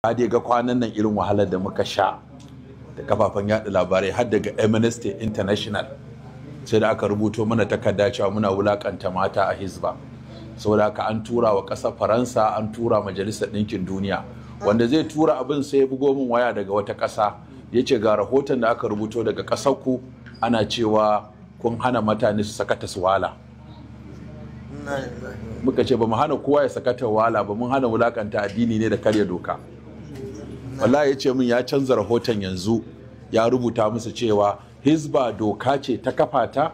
dai ga kwanan nan irin wahalar da muka sha da kafafen yada labarai har daga amnesty international sai da aka rubuto mana takarda cewa muna wulakanta mata a hizba saboda haka an tura wa ƙasar faransa an tura majalisar ɗinkin duniya wanda zai tura abin sai ya bugo min waya daga wata ƙasa ya ce ga rahoton da aka rubuto daga ƙasar ku ana cewa kun hana mutane su sakata su wala muka ce ba mu hana kowa ya sakata wala ba mun hana wulakanta addini ne da karya doka wallahi ya ce min ya canza rahoton yanzu ya rubuta musu cewa hizba doka ce ta kafa ta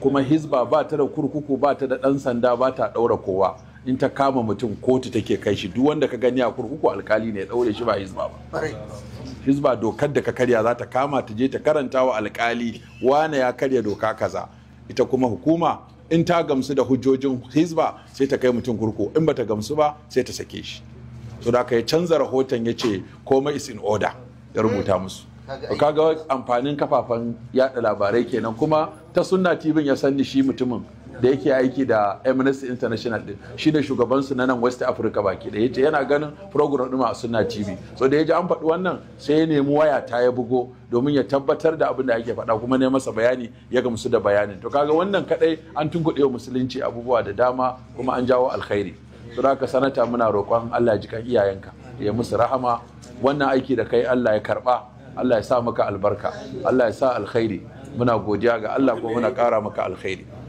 kuma hizba ba ta da kurkuku ba ta da ɗan sanda ba ta ɗaura kowa in ta kama mutum kotu take kai shi duk wanda ka gani a kurkuku alkali ne ya daure shi ba hizba ba hizba dokar da ka karya za ta kama ta je ta karanta wa alkali wane ya karya doka kaza ita kuma hukuma in ta gamsu da hujjojin hizba sai ta kai mutum kurku in ba ta gamsu ba sai ta sake shi so da ka ya canza rahoton ya ce koma is in order ya rubuta musu kaga amfanin kafafen yada labarai kenan kuma ta sunna tv ya sanni shi mutumin da yake aiki da amnesty international din shi ne shugabansu na nan west africa baki da yace yana ganin program ɗin a sunna tv so da ya ji an faɗi wannan sai ya nemi waya ta ya bugo domin ya tabbatar da abin da ake faɗa kuma ne masa bayani ya gamsu da bayanin to kaga wannan kaɗai an tunkuɗe musulunci abubuwa da dama kuma an jawo alkhairi don ka sanata muna roƙon Allah ya ji kan iyayenka ya musu rahama wannan aiki da kai Allah ya karba Allah ya sa maka albarka Allah ya sa alkhairi muna godiya ga Allah ko muna ƙara maka alkhairi